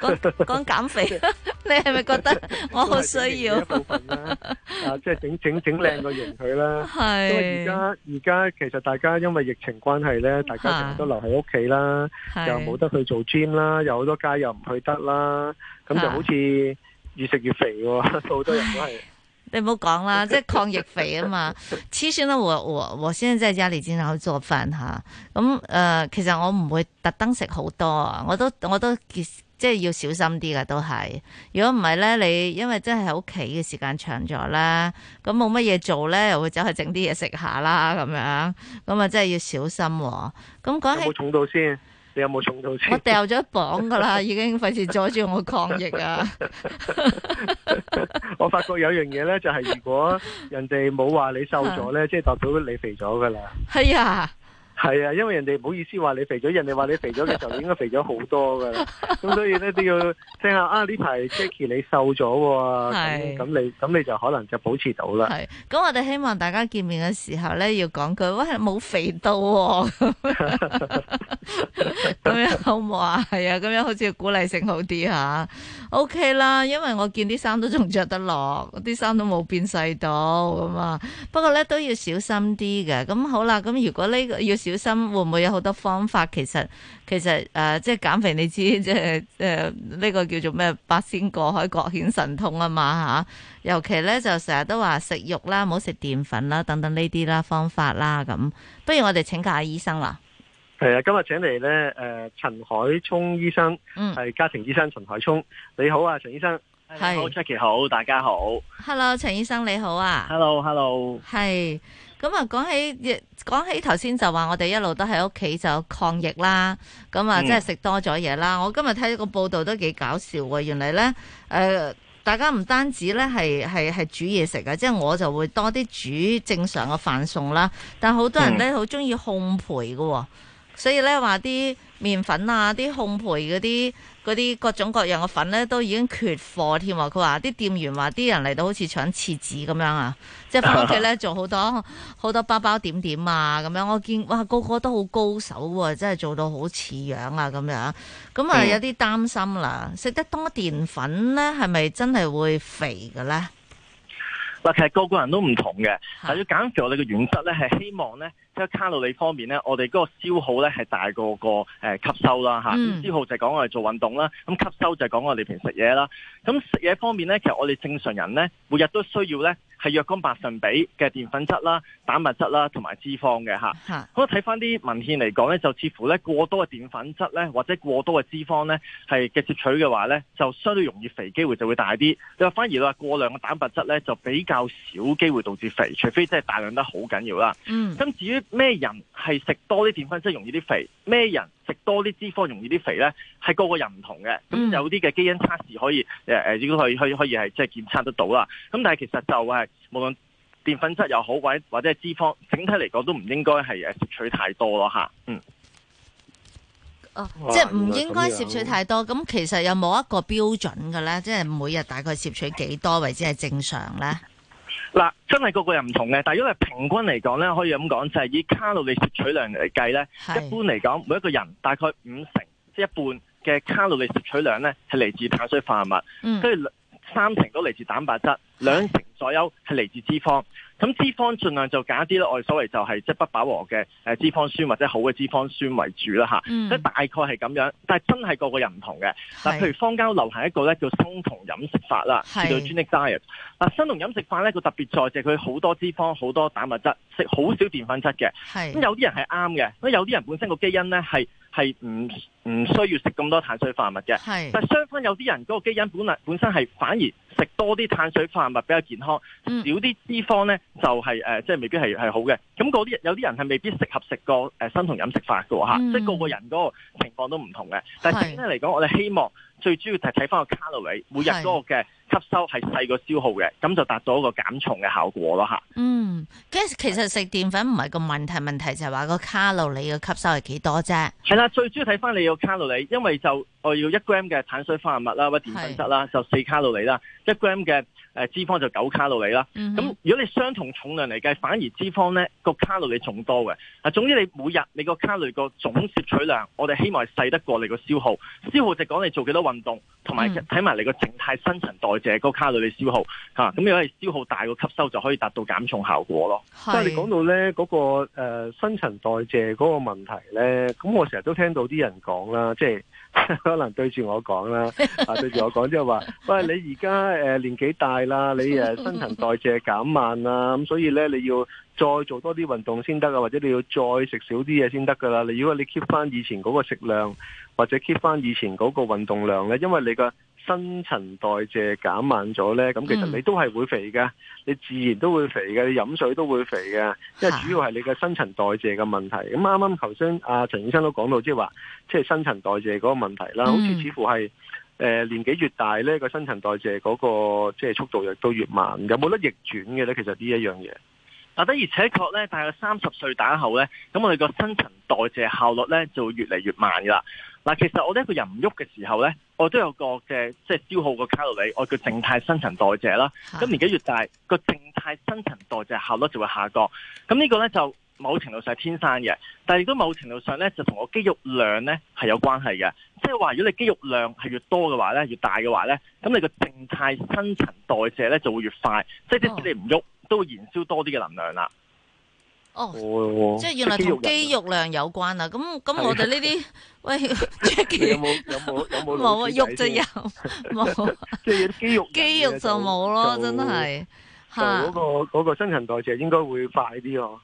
講講減肥， 你係咪覺得我好需要？是 啊，即、就、係、是、整，整，整整整靚個容佢啦。係 是。而家而家其實大家因為疫情關係咧，大家成日都留喺屋企啦， 是又冇得去做 gym 啦，有好多街又唔去得啦，咁就好似越食越肥喎，好多人都係。 你唔好講啦， 即係抗疫肥啊嘛。黐線啦，我我我先生真係喺家裡頭做飯吓，咁誒、呃，其實我唔會特登食好多啊，我都我都結。即係要小心啲噶，都係。如果唔係咧，你因為真係喺屋企嘅時間長咗啦，咁冇乜嘢做咧，又會走去整啲嘢食下啦，咁樣咁啊，真係要小心喎、啊。咁講起，冇重到先，你有冇重到先？我掉咗磅噶啦， 已經費事阻住我抗疫啊！ 我發覺有樣嘢咧，就係、是、如果人哋冇話你瘦咗咧，即係 代表你肥咗噶啦。係啊。係啊，因為人哋唔好意思話你肥咗，人哋話你肥咗嘅時候 你應該肥咗好多噶，咁所以咧都要聽下啊，呢排 Jackie 你瘦咗，咁 你咁你就可能就保持到啦。係，咁我哋希望大家見面嘅時候咧要講句：「喂，冇肥到哦。」 哇，係啊，咁樣好似要鼓勵性好啲吓，O K 啦，因為我見啲衫都仲着得落，啲衫都冇變細到咁啊。不過咧都要小心啲嘅。咁好啦，咁如果呢個要小心，會唔會有好多方法？其實其實誒、呃，即係減肥，你知即係誒呢個叫做咩？八仙過海，各顯神通嘛啊嘛吓。尤其咧就成日都話食肉啦，唔好食澱粉啦，等等呢啲啦方法啦咁。不如我哋請教下醫生啦。係啊，今日請嚟咧，誒，陳海聰醫生，嗯，係家庭醫生陳海聰，你好啊，陳醫生，係 Jackie 好，大家好，Hello，陳醫生你好啊，Hello，Hello，係，咁啊，講起，講起頭先就話我哋一路都喺屋企就抗疫啦，咁啊，即係食多咗嘢啦。嗯、我今日睇到個報道都幾搞笑嘅，原來咧，誒、呃，大家唔單止咧係係係煮嘢食啊，即係我就會多啲煮正常嘅飯餸啦，但好多人呢好中意烘焙㗎喎、哦。所以咧，話啲麵粉啊，啲烘焙嗰啲嗰啲各種各樣嘅粉咧，都已經缺貨添喎。佢話啲店員話啲人嚟到好似搶廁紙咁樣啊，即係返屋企咧做好多好、uh huh. 多包包點點啊咁樣。我見哇個個都好高手喎、啊，真係做到好似樣啊咁樣。咁啊有啲擔心啦，食、uh huh. 得多澱粉咧，係咪真係會肥嘅咧？其實個個人都唔同嘅，但要簡化你嘅原則咧，係希望咧，即係卡路里方面咧，我哋嗰個消耗咧係大過個，個、呃、吸收啦，嗯、消耗就係講我哋做運動啦，咁吸收就係講我哋平時食嘢啦。咁食嘢方面咧，其實我哋正常人咧，每日都需要咧。係若干百分比嘅澱粉質啦、蛋白質啦同埋脂肪嘅吓，咁我睇翻啲文獻嚟講咧，就似乎咧過多嘅澱粉質咧或者過多嘅脂肪咧係嘅攝取嘅話咧，就相對容易肥，機會就會大啲。你話反而你話過量嘅蛋白質咧就比較少機會導致肥，除非即係大量得好緊要啦。嗯。咁至於咩人係食多啲澱粉質容易啲肥，咩人？食多啲脂肪容易啲肥咧，係個個人唔同嘅。咁有啲嘅基因測試可以，誒誒、嗯，如果、呃、可以，可以可以係即係檢測得到啦。咁但係其實就係、是、無論澱粉質又好，或或者係脂肪，整體嚟講都唔應該係誒攝取太多咯，吓，嗯。哦、啊，即係唔應該攝取太多。咁其實有冇一個標準嘅咧？即係每日大概攝取幾多為之係正常咧？嗱，真係個個人唔同嘅，但係因為平均嚟講咧，可以咁講就係、是、以卡路里攝取量嚟計咧，是一般嚟講每一個人大概五成即係一半嘅卡路里攝取量咧係嚟自碳水化合物，跟住、嗯、三成都嚟自蛋白質，兩成。左右係嚟自脂肪，咁脂肪盡量就揀一啲咧，我哋所謂就係即係不飽和嘅誒脂肪酸或者好嘅脂肪酸為主啦嚇，即係、嗯、大概係咁樣。但係真係個個人唔同嘅。嗱是，譬如坊間流行一個咧叫生酮飲食法啦，是是生酮飲食法咧個特別在就佢好多脂肪、好多蛋白質，食好少澱粉質嘅。咁是有啲人係啱嘅，咁有啲人本身個基因咧係係唔唔需要食咁多碳水化物嘅。是但係相反有些，有啲人嗰個基因本嚟本身係反而。食多啲碳水化合物比較健康，少啲脂肪呢就係、是、誒、嗯呃，即係未必係係好嘅。咁啲有啲人係未必適合食個誒生酮飲食法嘅喎、嗯啊、即係個個人嗰個情況都唔同嘅。但係整體嚟講，是我哋希望。最主要係睇翻個卡路里，每日嗰個嘅吸收係細過消耗嘅，咁是就達到一個減重嘅效果咯吓，嗯，即係其實食澱粉唔係個問題，問題就係話個卡路里嘅吸收係幾多啫？係啦，最主要睇翻你要卡路里，因為就我要一 gram 嘅碳水化合物啦，或者澱粉質啦，是就四卡路里啦；一 gram 嘅誒脂肪就九卡路里啦。咁、嗯、哼如果你相同重量嚟計，反而脂肪咧個卡路里仲多嘅。啊，總之你每日你個卡路里個總攝取量，我哋希望係細得過你個消耗，消耗就講你做幾多少運動同埋睇埋你個靜態新陳代謝嗰卡路里消耗嚇，咁、啊、因為消耗大個吸收就可以達到減重效果咯。即係是你講到咧嗰、嗰個、呃、新陳代謝嗰個問題咧，咁我成日都聽到啲人講啦，即係。 可能對住我講啦， 啊對住我講，即係話，喂，你而家誒，年紀大啦，你誒新陳代謝減慢啦，咁所以咧你要再做多啲運動先得啊，或者你要再食少啲嘢先得噶啦。如果你 keep 翻以前嗰個食量，或者 keep 翻以前嗰個運動量咧，因為你個。新陳代謝減慢咗呢，咁其實你都係會肥噶，你自然都會肥嘅，你飲水都會肥嘅，即係主要係你嘅新陳代謝嘅問題。咁啱啱頭先阿陳醫生都講到，即係話即係新陳代謝嗰個問題啦，好似似乎係、呃、年紀越大呢，個新陳代謝嗰、嗰個即係速度亦都越慢，有冇得逆轉嘅呢？其實呢一樣嘢，嗱，的而且確呢，大約三十歲打後呢，咁我哋個新陳代謝效率呢就會越嚟越慢噶啦。嗱，其實我哋一個人唔喐嘅時候呢。我都有個嘅，即係消耗個卡路里，我叫靜態新陳代謝啦。咁年紀越大，個靜態新陳代謝效率就會下降。咁呢個呢，就某程度上係天生嘅，但係亦都某程度上呢，就同個肌肉量呢係有關係嘅。即係話，如果你肌肉量係越多嘅話呢，越大嘅話呢，咁你個靜態新陳代謝呢就會越快，即係即使你唔喐，都會燃燒多啲嘅能量啦。哦，即係原來同肌肉量有關啊！咁咁我哋呢啲，喂，肌肉有冇有冇有冇？冇啊，肉就有，冇。即係啲肌肉，肌肉就冇咯，真係。嗰個個新陳代謝應該會快啲咯。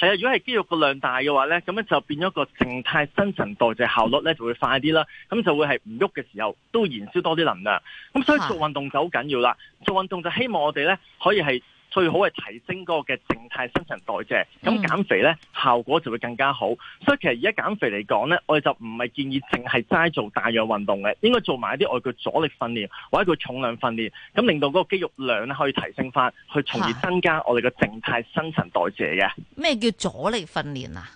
係啊，如果係肌肉個量大嘅話咧，咁咧就變咗個靜態新陳代謝效率咧就會快啲啦。咁就會係唔喐嘅時候都燃燒多啲能量。咁所以做運動就好緊要啦。做運動就希望我哋咧可以係。最好係提升嗰個嘅靜態新陳代謝，咁減肥呢，效果就會更加好。所以其實而家減肥嚟講呢，我哋就唔係建議淨係齋做大量運動嘅，應該做埋一啲我哋叫阻力訓練或者叫重量訓練，咁令到嗰個肌肉量可以提升翻，去從而增加我哋嘅靜態新陳代謝嘅。咩叫阻力訓練啊？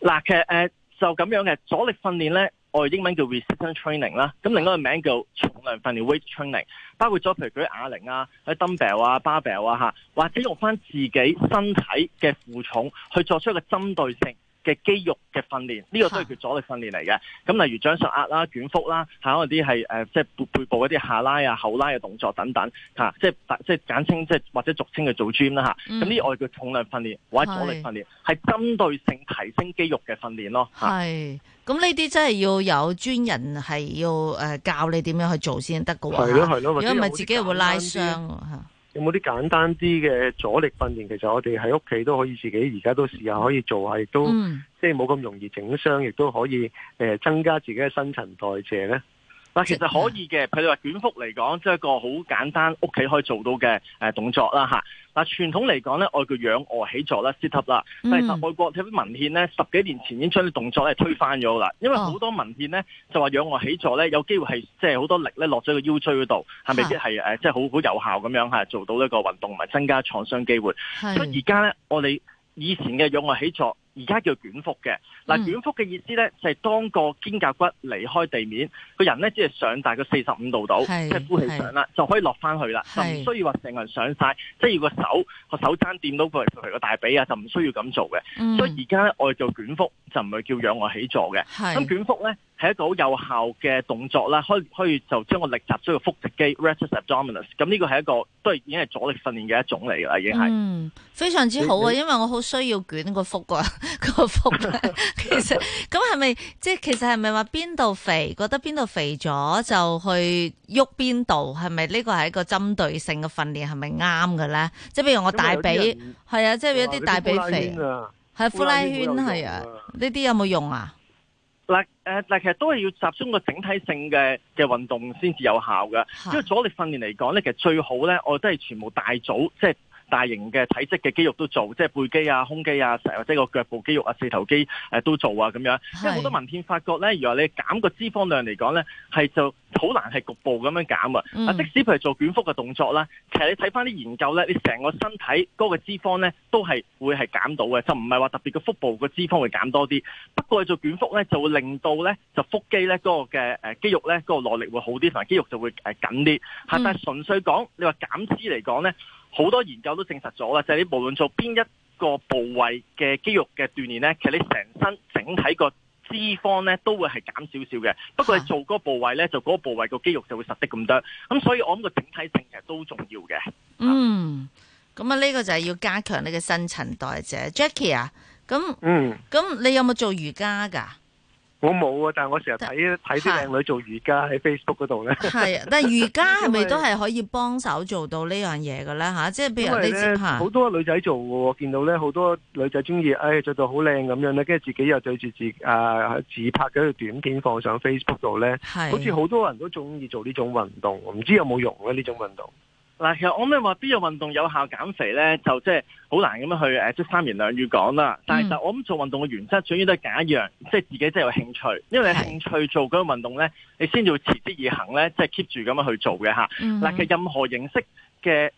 嗱，其實就咁樣嘅阻力訓練呢。我哋英文叫 resistant training 啦，咁另外一個名叫重量訓練 weight training，包括咗譬如舉啞鈴啊、喺、就是、dumbbell 啊、barbell 啊吓，或者用翻自己身體嘅負重去作出一個針對性，嘅肌肉嘅訓練，呢個都係叫阻力訓練嚟嘅。咁、啊、例如掌上壓啦、捲腹啦，吓嗰啲係誒即係背背部一啲下拉啊、後拉嘅動作等等，吓、啊、即係即係簡稱即係或者俗稱嘅做 gym 啦吓，咁呢個叫重量訓練或者阻力訓練，係是針對性提升肌肉嘅訓練咯，係是，咁呢啲真係要有專人係要誒教你點樣去做先得㗎，係咯係咯，如果唔係自己會拉傷吓。有冇啲簡單啲嘅阻力訓練？其實我哋喺屋企都可以自己，而家都試下可以做下，亦都、嗯、即係冇咁容易整傷，亦都可以、呃、增加自己嘅新陳代謝咧。嗱，其實可以嘅，譬如話捲腹嚟講，即係一個好簡單屋企可以做到嘅誒動作啦嚇。嗱、啊啊，傳統嚟講咧，我叫仰卧起坐啦、sit up 啦、啊。嗯、但係其實外國睇啲文獻咧，十幾年前已經將啲動作咧推翻咗啦。因為好多文獻咧就話仰卧起坐咧有機會係即係好多力咧落咗個腰椎嗰度，係咪即係誒即係好好有效咁樣嚇做到呢個運動，同埋增加創傷機會。所以而家咧，我哋以前嘅仰卧起坐。而家叫捲腹嘅，嗱、嗯、捲腹嘅意思咧就係、是、當個肩胛骨離開地面，個人咧只係上大概四十五度度，即係是呼氣上啦，是就可以落翻去啦，是就唔需要話成個人上晒。即係是要個手個手踭掂到佢個大髀啊，就唔需要咁做嘅。嗯、所以而家咧我哋做捲腹就唔係叫仰卧起坐嘅，咁是捲腹咧。係一個好有效嘅動作啦，可以可以就將我力集喺、個腹直肌 （rectus abdominis）。咁呢個係一個都係已經係阻力訓練嘅一種嚟噶啦，已經係。嗯，非常之好啊，你因為我好需要捲個腹啊，個腹啊。其實咁係咪即係其實係咪話邊度肥覺得邊度肥咗就去喐邊度？係咪呢個係一個針對性嘅訓練？係咪啱嘅咧？即係譬如我大髀係啊，即係一啲大髀肥，係呼、哦、拉圈係啊，呢啲、啊、有冇用啊？嗱，誒，嗱，其實都係要集中個整體性嘅嘅運動先至有效㗎，因為阻力訓練嚟講咧，其實最好咧，我哋都係全部大組，即係，大型嘅體積嘅肌肉都做，即係背肌啊、胸肌啊，成或者個腳部肌肉啊、四頭肌、啊、都做啊咁樣。因為好多文獻發覺咧，如果你減個脂肪量嚟講咧，係就好難係局部咁樣減啊。啊、嗯，即使譬如做捲腹嘅動作啦，其實你睇翻啲研究咧，你成個身體嗰個脂肪咧都係會係減到嘅，就唔係話特別個腹部個脂肪會減多啲。不過你做捲腹咧，就會令到咧就腹肌咧嗰、那個嘅肌肉咧嗰、那個耐力會好啲，同埋肌肉就會緊啲。嗯、但係純粹講，你話減脂嚟講咧。好多研究都證實咗啦，就係、是、你無論做邊一個部位嘅肌肉嘅鍛煉咧，其實你成身整體個脂肪咧都會係減少少嘅。不過你做嗰個部位咧，啊、就嗰個部位個肌肉就會實的咁多。咁所以我諗個整體性其實都重要嘅。嗯，咁啊呢個就係要加強你嘅新陳代謝，Jackie 啊，咁，嗯，咁你有冇做瑜伽噶我冇啊，但係我成日睇睇啲靚女做瑜伽喺 Facebook 嗰度咧。係啊是，但係瑜伽係咪都係可以幫手做到呢樣嘢嘅咧？吓，即係哋自拍。好多女仔做喎，見到咧好多女仔中意，哎着到好靚咁樣咧，跟住自己又對住自啊自拍嘅一個短片放上 Facebook 度咧，是好似好多人都中意做呢種運動，唔知有冇用咧呢種運動？嗱，其實我咪話話邊樣運動有效減肥咧，就即係好難咁樣去誒，即三言兩語講啦。但係就我諗做運動嘅原則，主要都係揀一樣，即係自己即係有興趣，因為你興趣做嗰個運動咧，你先要持之以恆咧，即係 keep 住咁樣去做嘅吓。嗱，嘅任何形式嘅。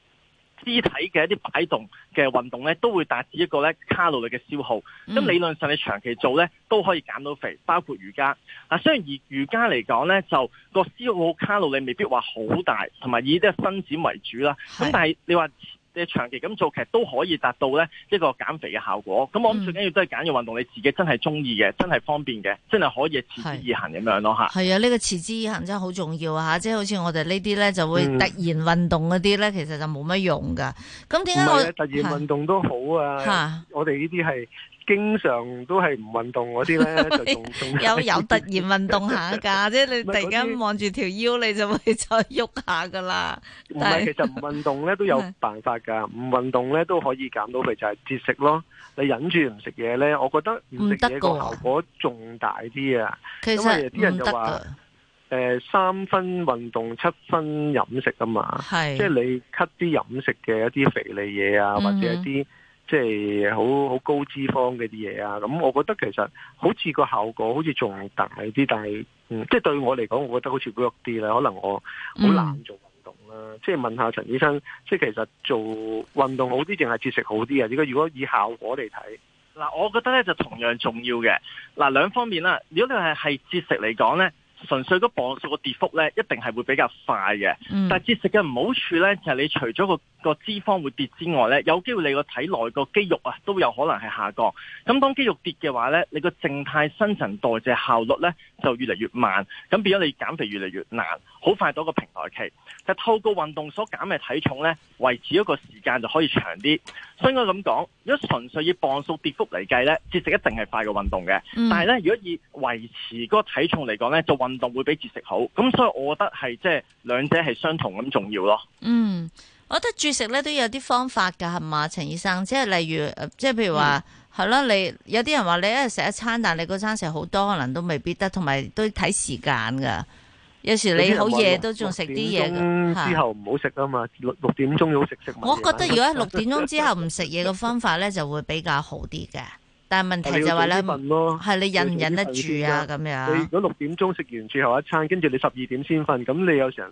肢體嘅一啲擺動嘅運動咧，都會達至一個咧卡路里嘅消耗。咁、嗯、理論上你長期做咧都可以減到肥，包括瑜伽。啊，雖然而瑜伽嚟講咧，就、個消耗卡路里未必話好大，同埋以呢個伸展為主啦。咁是但係你話。即係長期咁做其實都可以達到咧一個減肥嘅效果。咁我諗最緊要都係揀啲運動，嗯、你自己真係中意嘅，真係方便嘅，真係可以持之以恒咁樣咯嚇。係啊，呢、呢個持之以恒真係好重要嚇、啊，即係好似我哋呢啲咧就會突然運動嗰啲咧，嗯、其實就冇乜用噶。咁點解突然運動都好啊？係啊，我哋呢啲係。經常都係唔運動嗰啲咧，就仲 有有突然運動下噶， 即係你突然間望住條腰，你就會再喐下噶啦。唔係是是其實唔運動咧都有辦法噶，唔運是動咧都可以減到肥，就係、是、節食咯。你忍住唔食嘢咧，我覺得唔食嘢個效果仲大啲啊。其實啲人就話唔得噶。誒、呃，三分運動七分飲食啊嘛，是即係你 cut 啲飲食嘅一啲肥膩嘢啊，嗯、哼或者一啲。即係好好高脂肪嗰啲嘢啊！咁我覺得其實好似個效果好似仲大啲，但係即係對我嚟講，我覺得好似弱啲咧，可能我好難做運動啦。即係、嗯、問下陳醫生，即、就、係、係、其實做運動好啲定係節食好啲啊？如果如果以效果嚟睇，嗱、嗯，我覺得咧就同樣重要嘅。嗱，兩方面啦。如果你係係節食嚟講咧，純粹嗰磅數個跌幅咧，一定係會比較快嘅。嗯、但節食嘅唔好處咧，就係、係、你除咗個。個脂肪會跌之外咧，有機會你個體內個肌肉啊都有可能係下降。咁當肌肉跌嘅話咧，你個靜態新陳代謝效率咧就越嚟越慢，咁變咗你減肥越嚟越難，好快到個平台期。就透過運動所減嘅體重咧，維持一個時間就可以長啲。所以我咁講，如果純粹以磅數跌幅嚟計咧，節食一定係快過運動嘅。嗯、但係咧，如果以維持個體重嚟講咧，做運動會比節食好。咁所以我覺得係即係兩者係相同咁重要咯。嗯。我覺得住食咧都有啲方法㗎，係嘛，陳醫生，即係例如，即係譬如話，係咯，嗯，你有啲人話你一日食一餐，但你嗰餐食好多，可能都未必得，同埋都睇時間㗎。有時你好夜都仲食啲嘢。㗎。之後唔好食啊嘛，六六點鐘好食食。的我覺得如果六點鐘之後唔食嘢嘅方法咧就會比較好啲嘅。但問題就係咧，係你忍唔忍得住啊？咁樣。如果六點鐘食完最後一餐，跟住你十二點先瞓，咁你有時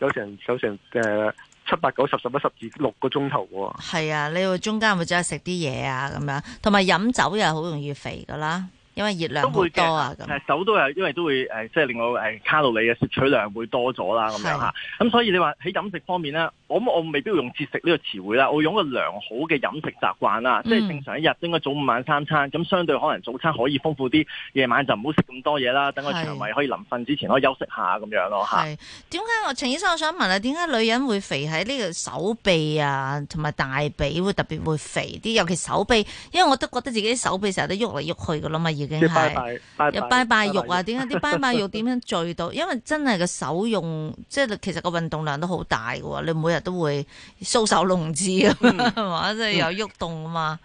有時有時嘅。七八九十十一十二六個鐘頭喎，係啊，你會中間會走去食啲嘢啊。咁樣，同埋飲酒又好容易肥噶啦，因為熱量多啊。誒，酒樣都係因為都會誒，即係令我誒卡路里嘅攝取量會多咗啦，咁、啊、樣吓。咁所以你話喺飲食方面咧。我我未必要用節食呢個詞彙啦，我用個良好嘅飲食習慣啦，嗯、即係正常一日應該早午晚三餐，咁相對可能早餐可以豐富啲，夜晚就唔好食咁多嘢啦，等個腸胃可以臨瞓之前可以休息下咁是樣咯嚇。係點解我陳醫生我想問啊？點解女人會肥喺呢個手臂啊，同埋大髀會特別會肥啲？尤其手臂，因為我都覺得自己手臂成日都喐嚟喐去噶啦嘛，已經拜拜拜拜拜。拜拜拜拜肉啊？點解啲拜拜肉點、啊、 樣聚到？因為真係個手用，即係其實個運動量都好大喎，你每日。都會搔首弄姿啊嘛，即係有喐動啊嘛。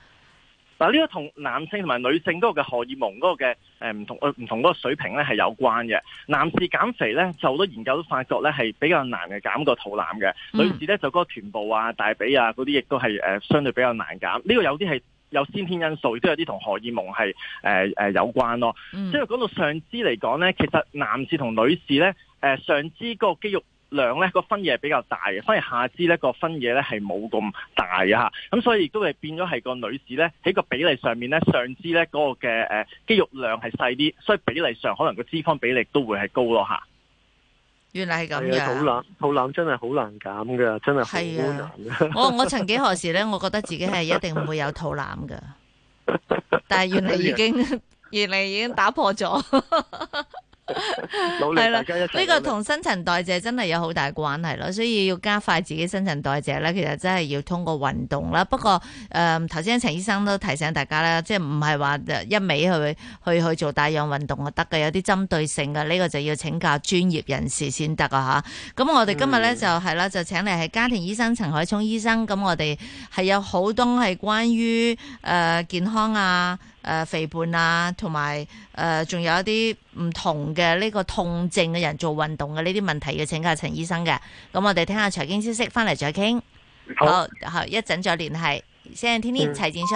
嗱，呢個同男性同埋女性嗰個嘅荷爾蒙嗰個嘅誒唔同唔，呃、同嗰個水平咧，係有關嘅。男士減肥咧，就好多研究都發覺咧，係比較難嘅減個肚腩嘅。嗯、女士咧，就嗰個臀部啊、大腿啊嗰啲亦都係誒相對比較難減。呢，呢個有啲係有先天因素，亦都有啲同荷爾蒙係誒誒有關咯。即係講到上肢嚟講咧，其實男士同女士咧，誒，呃、上肢嗰個肌肉。量咧個分野係比較大嘅，反而下肢咧個分野咧係冇咁大啊，咁所以亦都係變咗係個女士咧喺個比例上面咧上肢咧嗰個嘅誒肌肉量係細啲，所以比例上可能個脂肪比例都會係高咯吓。原來係咁樣，肚腩肚腩真係好難減噶真係好難。我我曾幾何時咧，我覺得自己係一定唔會有肚腩噶， 但係原來已經， 原來已經打破咗。 努力，呢、這個同新陳代謝真係有好大關係咯，所以要加快自己新陳代謝呢，其實真係要通過運動啦。不過，誒、呃，頭先陳醫生都提醒大家啦，即係唔係話一味去去去做帶氧運動就得嘅，有啲針對性嘅，呢、這個就要請教專業人士先得啊！吓，咁我哋今日呢，嗯、就係啦，就請嚟係家庭醫生陳海聰醫生，咁我哋係有好多係關於誒、呃、健康啊。誒、呃、肥胖啊，同埋誒仲有一啲唔同嘅呢、呢個痛症嘅人做運動嘅呢啲問題要請教陳醫生嘅。咁我哋聽下財經消息，翻嚟再傾。好，好，好，一陣再聯繫聲先，星星天天的齊戰雙。